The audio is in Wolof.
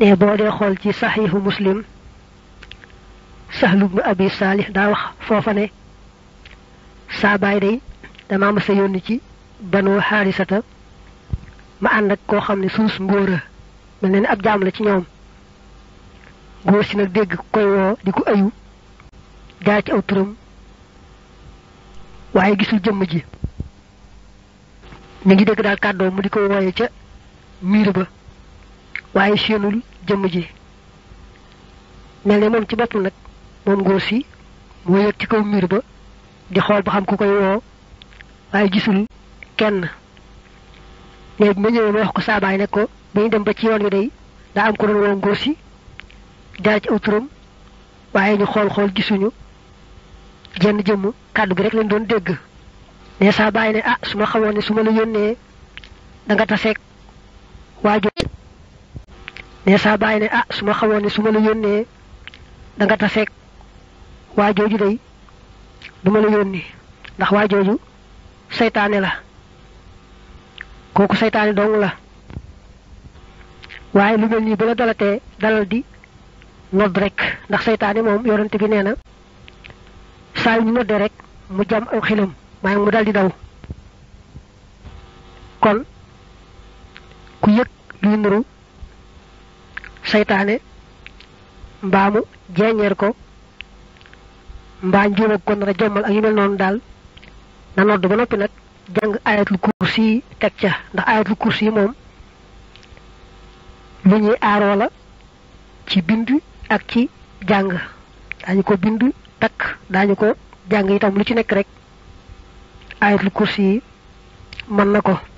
ne boo dee xool ci saxiixu muslim sahlu ibnu abi saalih daa wax foofa ne saa baay day damaa mës yónni ci banu xaarisata ma ànd ak koo xam ne suus mbóora mel ne ab jaam la ci ñoom góor si nag dégg koy woo di ko ayu gaa ci aw turam waaye gisul jëmm ji mi ngi dégg daal kàddoo mu di ko wooye ca miir ba waaye séenul jëmm ji mel ne moom ci boppam nag moom ngóor si moo yëg ci kaw miir ba di xool ba xam ku koy woo waaye gisul kenn léegi ma ñëwee ma wax ko saabaay ne ko bu ñu dem ba ci yoon wi day daa am ko doon woo ngóor si jaar ci aw turam waaye ñu xool xool gisuñu jenn jëmm kàddu gi rek lañ doon dégg ne saabaay ne ah su ma xamoon ne su ma la yónnee da nga taseeg waajur ne sa bayne ah suma xawone suma la yonne da nga taseeg waa jooju day duma la yonne ndax waa jooju la koku setané dong la waye lu mel ni bu la dalal di nod rek ndax setané mom yorante bi néna na ñu nodde rek mu jam aw xilam may mu dal di daw kon ku yek seytaane mbaamu mu ko mbaa njuum ak ko nar a jommal ak yu mel noonu daal na nodd ba noppi nag jàng ayatul kursi yi teg ca ndax ayatul kursi yi moom lu ñuy aaroo ci bind ak ci jàng daañu ko bind takk daañu ko jàng itam lu ci nekk rek ayatul kursi yi mën na ko